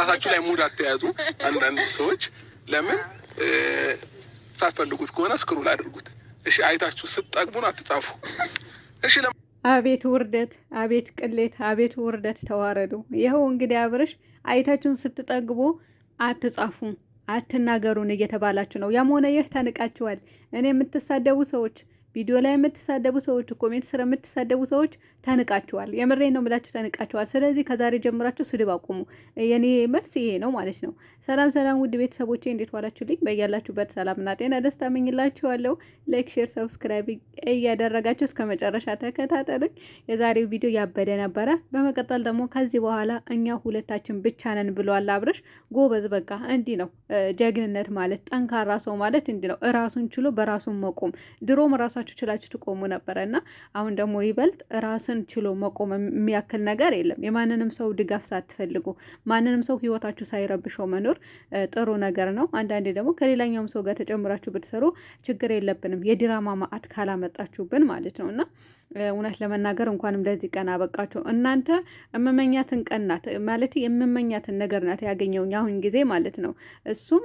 ራሳችሁ ላይ ሙድ አተያዙ። አንዳንድ ሰዎች ለምን ሳትፈልጉት ከሆነ እስክሩል አድርጉት። እሺ አይታችሁ ስትጠግቡን አትጻፉ። እሺ አቤት ውርደት፣ አቤት ቅሌት፣ አቤት ውርደት፣ ተዋረዱ። ይኸው እንግዲህ አብርሽ አይታችሁን ስትጠግቡ አትጻፉ፣ አትናገሩን እየተባላችሁ ነው። ያም ሆነ ይህ ተንቃችኋል። እኔ የምትሳደቡ ሰዎች ቪዲዮ ላይ የምትሳደቡ ሰዎች ኮሜንት ስር የምትሳደቡ ሰዎች ተንቃችኋል። የምሬ ነው የምላችሁ ተንቃችኋል። ስለዚህ ከዛሬ ጀምራችሁ ስድብ አቁሙ። የኔ መልስ ይሄ ነው ማለት ነው። ሰላም ሰላም፣ ውድ ቤተሰቦቼ እንዴት ዋላችሁልኝ? በያላችሁበት ሰላምና ጤና ደስታ መኝላችኋለሁ። ላይክ፣ ሼር፣ ሰብስክራይብ እያደረጋችሁ እስከ መጨረሻ ተከታተሉኝ። የዛሬው ቪዲዮ ያበደ ነበረ። በመቀጠል ደግሞ ከዚህ በኋላ እኛ ሁለታችን ብቻ ነን ብሏል አብረሽ። ጎበዝ፣ በቃ እንዲህ ነው ጀግንነት ማለት። ጠንካራ ሰው ማለት እንዲህ ነው፣ እራሱን ችሎ በራሱን መቆም ድሮም ራሳ ራሳችሁ ችላችሁ ትቆሙ ነበረ እና አሁን ደግሞ ይበልጥ ራስን ችሎ መቆም የሚያክል ነገር የለም። የማንንም ሰው ድጋፍ ሳትፈልጉ ማንንም ሰው ህይወታችሁ ሳይረብሸው መኖር ጥሩ ነገር ነው። አንዳንዴ ደግሞ ከሌላኛውም ሰው ጋር ተጨምራችሁ ብትሰሩ ችግር የለብንም፣ የድራማ ማዕት ካላመጣችሁብን ማለት ነው እና እውነት ለመናገር እንኳንም ለዚህ ቀን አበቃቸው። እናንተ እምመኛትን ቀን ናት ማለት የምመኛትን ነገር ናት ያገኘውኝ አሁን ጊዜ ማለት ነው። እሱም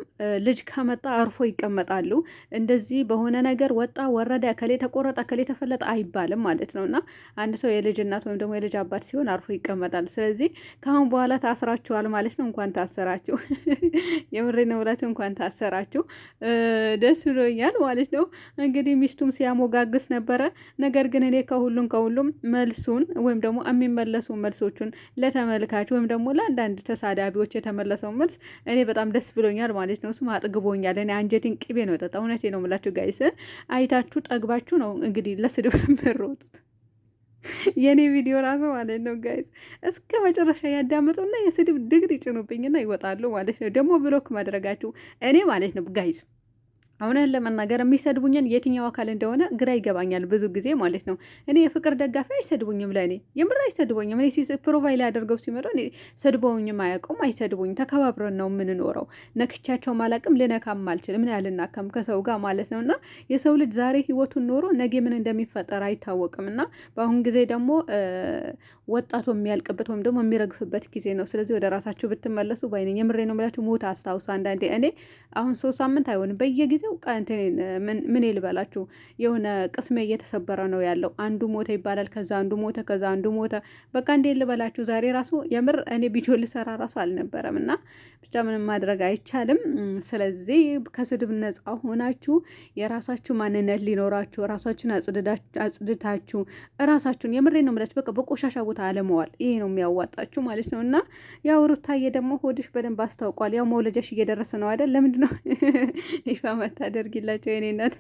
ልጅ ከመጣ አርፎ ይቀመጣሉ። እንደዚህ በሆነ ነገር ወጣ ወረደ፣ ከሌ ተቆረጠ፣ ከሌ ተፈለጠ አይባልም ማለት ነው። እና አንድ ሰው የልጅ እናት ወይም ደግሞ የልጅ አባት ሲሆን አርፎ ይቀመጣል። ስለዚህ ከአሁን በኋላ ታስራችኋል ማለት ነው። እንኳን ታሰራችሁ፣ የምሬ ንብረት እንኳን ታሰራችሁ። ደስ ብሎኛል ማለት ነው። እንግዲህ ሚስቱም ሲያሞጋግስ ነበረ። ነገር ግን እኔ ከሁሉም ከሁሉም መልሱን ወይም ደግሞ የሚመለሱ መልሶቹን ለተመልካች ወይም ደግሞ ለአንዳንድ ተሳዳቢዎች የተመለሰው መልስ እኔ በጣም ደስ ብሎኛል ማለት ነው። እሱም አጥግቦኛል። እኔ አንጀቴን ቅቤ ነው የጠጣው። እውነቴ ነው የምላችሁ ጋይስ፣ አይታችሁ ጠግባችሁ ነው እንግዲህ ለስድብ የምሮጡት። የእኔ ቪዲዮ ራሱ ማለት ነው ጋይስ፣ እስከ መጨረሻ ያዳመጡና የስድብ ድግድ ጭኑብኝና ይወጣሉ ማለት ነው። ደግሞ ብሎክ ማድረጋችሁ እኔ ማለት ነው ጋይስ እውነቱን ለመናገር የሚሰድቡኝን የትኛው አካል እንደሆነ ግራ ይገባኛል፣ ብዙ ጊዜ ማለት ነው። እኔ የፍቅር ደጋፊ አይሰድቡኝም፣ ለእኔ የምር አይሰድቡኝም። እኔ ፕሮቫይል አድርገው ሲመጡ ሰድበውኝም አያውቁም፣ አይሰድቡኝ። ተከባብረን ነው የምንኖረው። ነክቻቸው አላውቅም፣ ልነካም አልችልም። ምን ያልናከም ከሰው ጋር ማለት ነው። እና የሰው ልጅ ዛሬ ህይወቱን ኖሮ ነገ ምን እንደሚፈጠር አይታወቅም። እና በአሁን ጊዜ ደግሞ ወጣቱ የሚያልቅበት ወይም ደግሞ የሚረግፍበት ጊዜ ነው። ስለዚህ ወደ ራሳችሁ ብትመለሱ ባይነኝ። የምሬ ነው የምላችሁ። ሞት አስታውሱ። አንዳንዴ እኔ አሁን ሶስት ሳምንት አይሆንም በየጊዜ ጊዜው ምን ይልበላችሁ፣ የሆነ ቅስሜ እየተሰበረ ነው ያለው። አንዱ ሞተ ይባላል፣ ከዛ አንዱ ሞተ፣ ከዛ አንዱ ሞተ። በቃ እንዴ ልበላችሁ ዛሬ ራሱ የምር እኔ ቪዲዮ ልሰራ ራሱ አልነበረም እና ብቻ ምንም ማድረግ አይቻልም። ስለዚህ ከስድብ ነጻ ሆናችሁ የራሳችሁ ማንነት ሊኖራችሁ ራሳችሁን አጽድታችሁ ራሳችሁን የምሬ ነው የምለች በቃ በቆሻሻ ቦታ አለመዋል። ይሄ ነው የሚያዋጣችሁ ማለት ነው እና ያው ሩታዬ ደግሞ ሆድሽ በደንብ አስታውቋል። ያው መውለጃሽ እየደረሰ ነው አይደል? ለምንድን ነው ይፋ ታደርጊላቸው የኔ እናት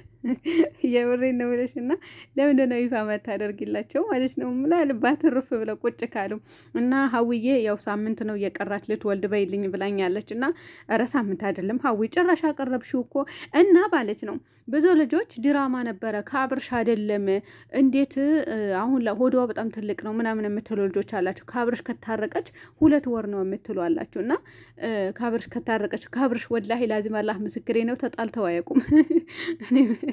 የብሬ ነው ብለሽ እና ለምንድን ነው ይፋ መታደርግላቸው ማለት ነው። ምናልባት ርፍ ብለው ቁጭ ካሉ እና ሀውዬ ያው ሳምንት ነው የቀራት ልትወልድ በይልኝ ብላኛለች እና ኧረ ሳምንት አይደለም ሀዊ ጭራሽ አቀረብሽው እኮ እና ማለት ነው ብዙ ልጆች ድራማ ነበረ ከአብርሽ አይደለም እንዴት አሁን ሆዷ በጣም ትልቅ ነው ምናምን የምትሉ ልጆች አላቸው። ከአብርሽ ከታረቀች ሁለት ወር ነው የምትሉ አላችሁ። እና ከአብርሽ ከታረቀች ከአብርሽ ወላሂ ላዚም አላህ ምስክሬ ነው ተጣልተው አያውቁም።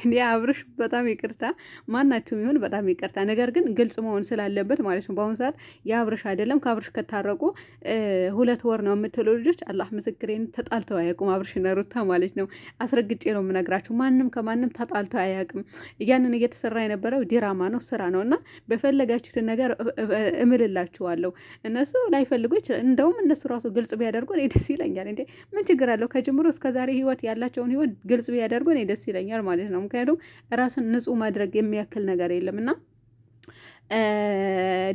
እኔ አብርሽ በጣም ይቅርታ፣ ማናቸውም ይሁን በጣም ይቅርታ። ነገር ግን ግልጽ መሆን ስላለበት ማለት ነው። በአሁኑ ሰዓት የአብርሽ አይደለም። ከአብርሽ ከታረቁ ሁለት ወር ነው የምትሉ ልጆች፣ አላህ ምስክሬን፣ ተጣልተው አያውቁም አብርሽ ነሩታ ማለት ነው። አስረግጬ ነው የምነግራችሁ። ማንም ከማንም ተጣልተው አያውቅም። ያንን እየተሰራ የነበረው ዲራማ ነው፣ ስራ ነው እና በፈለጋችሁትን ነገር እምልላችኋለሁ። እነሱ ላይፈልጉ ይችላል። እንደውም እነሱ ራሱ ግልጽ ቢያደርጉ እኔ ደስ ይለኛል። እንዴ ምን ችግር አለው? ከጅምሮ እስከዛሬ ህይወት ያላቸውን ህይወት ግልጽ ቢያደርጉ እኔ ደስ ይለኛል። ማለት ነው። ምክንያቱም ራስን ንጹህ ማድረግ የሚያክል ነገር የለም እና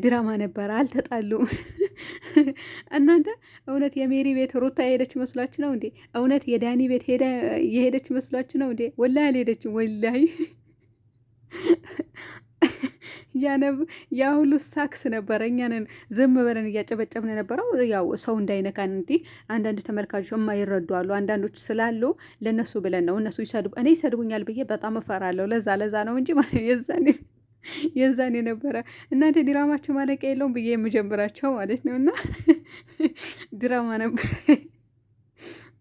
ድራማ ነበረ። አልተጣሉም እናንተ። እውነት የሜሪ ቤት ሩታ የሄደች መስሏችሁ ነው እንዴ? እውነት የዳኒ ቤት የሄደች መስሏችሁ ነው እንዴ? ወላሂ አልሄደችም ወላይ ያ ሁሉ ሳክስ ነበረ። እኛንን ዝም ብለን እያጨበጨብን የነበረው ያው ሰው እንዳይነካን እንዲ አንዳንድ ተመልካቾች የማይረዱ አሉ። አንዳንዶች ስላሉ ለነሱ ብለን ነው። እነሱ ይሰድቡ እኔ ይሰድቡኛል ብዬ በጣም እፈራለሁ። ለዛ ለዛ ነው እንጂ ማለት የዛኔ የዛን የነበረ እናንተ ዲራማቸው ማለቂያ የለውም ብዬ የምጀምራቸው ማለት ነው እና ድራማ ነበር።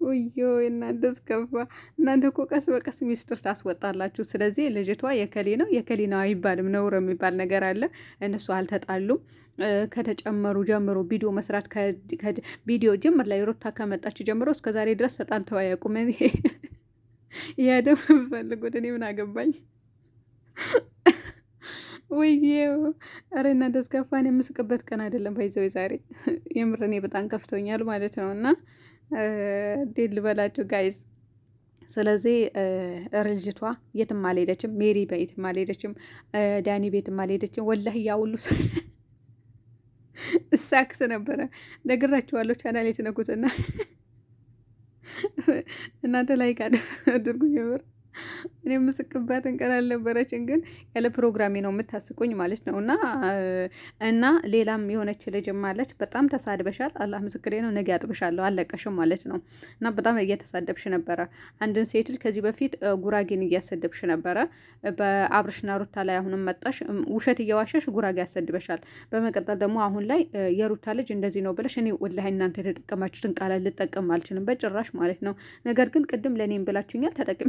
ውዮ እናንተ እስከፋ እናንተ እኮ ቀስ በቀስ ሚስጥር ታስወጣላችሁ። ስለዚህ ልጅቷ የከሌ ነው የከሌ ነው አይባልም። ነውር የሚባል ነገር አለ። እነሱ አልተጣሉም። ከተጨመሩ ጀምሮ ቪዲዮ መስራት ቪዲዮ ጅምር ላይ ሮታ ከመጣች ጀምሮ እስከዛሬ ድረስ ተጣልተው አያውቁም። ይሄ ደግሞ ፈልጎት እኔ ምን አገባኝ? ውዬው ኧረ እናንተ እስከፋን የምስቅበት ቀን አይደለም። ባይዘው ዛሬ የምር እኔ በጣም ከፍቶኛል ማለት ነው እና እንዴት ልበላችሁ ጋይዝ። ስለዚህ ርጅቷ የትም አልሄደችም፣ ሜሪ ቤትም አልሄደችም፣ ዳኒ ቤትም አልሄደችም። ወላህ እያውሉ እሳክስ ነበረ ነግራችኋለሁ። ቻናል የተነኩትና እናንተ ላይ ቃ የምር እኔ ምስቅባትን ቀን አልነበረችን፣ ግን ያለ ፕሮግራሜ ነው የምታስቁኝ ማለት ነው። እና እና ሌላም የሆነች ልጅም አለች በጣም ተሳድበሻል፣ አላህ ምስክሬ ነው፣ ነገ ያጥብሻለሁ፣ አለቀሽም ማለት ነው። እና በጣም እየተሳደብሽ ነበረ። አንድን ሴት ልጅ ከዚህ በፊት ጉራጌን እያሰደብሽ ነበረ በአብርሽና ሩታ ላይ። አሁንም መጣሽ ውሸት እየዋሸሽ ጉራጌ ያሰድበሻል። በመቀጠል ደግሞ አሁን ላይ የሩታ ልጅ እንደዚህ ነው ብለሽ እኔ ወላሂ እናንተ የተጠቀማችሁትን ቃላት ልጠቀም አልችልም በጭራሽ ማለት ነው። ነገር ግን ቅድም ለእኔም ብላችሁኛል ተጠቅም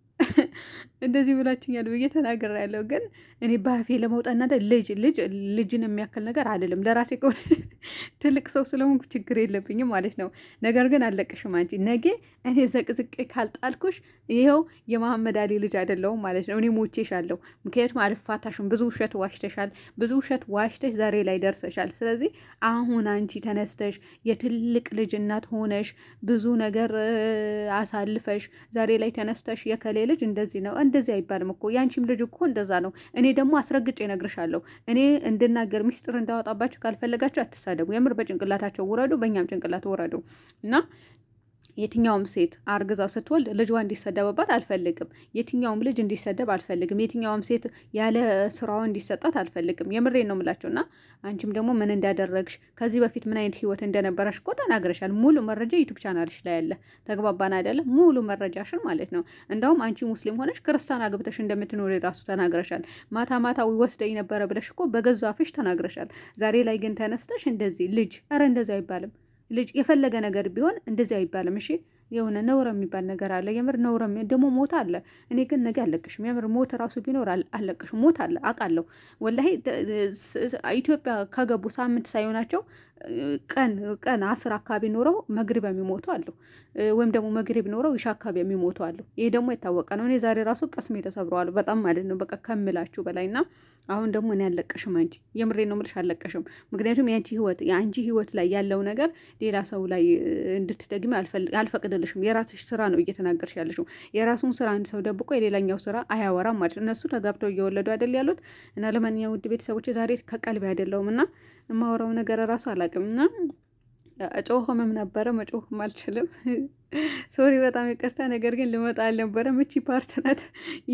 እንደዚህ ብላችኛል ብዬ ተናግሬ ያለው ግን እኔ ባፌ ለመውጣ እናደ ልጅ ልጅ ልጅን የሚያክል ነገር አይደለም። ለራሴ ከሆነ ትልቅ ሰው ስለሆንኩ ችግር የለብኝም ማለት ነው። ነገር ግን አለቅሽም አንቺ ነጌ እኔ ዘቅዝቄ ካልጣልኩሽ ይኸው የመሐመድ አሊ ልጅ አይደለውም ማለት ነው። እኔ ሞቼሻለሁ። ምክንያቱም አልፋታሽም። ብዙ ውሸት ዋሽተሻል። ብዙ ውሸት ዋሽተሽ ዛሬ ላይ ደርሰሻል። ስለዚህ አሁን አንቺ ተነስተሽ የትልቅ ልጅ እናት ሆነሽ ብዙ ነገር አሳልፈሽ ዛሬ ላይ ተነስተሽ የከሌለ ልጅ እንደዚህ ነው እንደዚህ አይባልም እኮ ያንቺም ልጅ እኮ እንደዛ ነው። እኔ ደግሞ አስረግጬ እነግርሻለሁ። እኔ እንድናገር ሚስጥር እንዳወጣባቸው ካልፈለጋቸው አትሳደቡ። የምር በጭንቅላታቸው ውረዱ፣ በእኛም ጭንቅላት ውረዱ እና የትኛውም ሴት አርግዛው ስትወልድ ልጇ እንዲሰደብባት አልፈልግም። የትኛውም ልጅ እንዲሰደብ አልፈልግም። የትኛውም ሴት ያለ ስራው እንዲሰጣት አልፈልግም። የምሬን ነው የምላቸው እና አንቺም ደግሞ ምን እንዳደረግሽ ከዚህ በፊት ምን አይነት ህይወት እንደነበረሽ እኮ ተናግረሻል። ሙሉ መረጃ ዩቱብ ቻናልሽ ላይ ያለ ተግባባን አይደለ? ሙሉ መረጃሽን ማለት ነው። እንደውም አንቺ ሙስሊም ሆነሽ ክርስቲያን አግብተሽ እንደምትኖር ራሱ ተናግረሻል። ማታ ማታ ወስደኝ ነበረ ብለሽ እኮ በገዛ አፍሽ ተናግረሻል። ዛሬ ላይ ግን ተነስተሽ እንደዚህ ልጅ ኧረ እንደዚህ አይባልም ልጅ የፈለገ ነገር ቢሆን እንደዚህ አይባልም። እሺ የሆነ ነውር የሚባል ነገር አለ። የምር ነውር ደግሞ ሞት አለ። እኔ ግን ነገ አለቅሽም። የምር ሞት ራሱ ቢኖር አለቅሽም። ሞት አለ አውቃለሁ። ወላሂ ኢትዮጵያ ከገቡ ሳምንት ሳይሆናቸው ቀን ቀን አስር አካባቢ ኖረው መግሪብ የሚሞቱ አሉ፣ ወይም ደግሞ መግሪብ ኖረው ይሻ አካባቢ የሚሞቱ አሉ። ይሄ ደግሞ የታወቀ ነው። እኔ ዛሬ ራሱ ቀስሜ ተሰብረዋል በጣም ማለት ነው፣ በቃ ከምላችሁ በላይ እና አሁን ደግሞ እኔ አለቀሽም አንቺ፣ የምሬ ነው የምልሽ አለቀሽም። ምክንያቱም የአንቺ ህይወት የአንቺ ህይወት ላይ ያለው ነገር ሌላ ሰው ላይ እንድትደግሚ አልፈቅድልሽም። የራስሽ ስራ ነው እየተናገርሽ ያለሽው። የራሱን ስራ አንድ ሰው ደብቆ የሌላኛው ስራ አያወራም ማለት ነው። እነሱ ተጋብተው እየወለዱ አይደል ያሉት እና ለማንኛውም ውድ ቤተሰቦች ዛሬ ከቀልቤ አይደለውም እና የማወራው ነገር ራሱ አላውቅም እና እጮኸምም ነበረ መጮኸም አልችልም። ሶሪ በጣም ይቅርታ። ነገር ግን ልመጣ አልነበረም። እቺ ፓርት ናት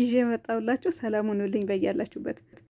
ይዤ መጣሁላችሁ። ሰላም ሁኑልኝ በያላችሁበት።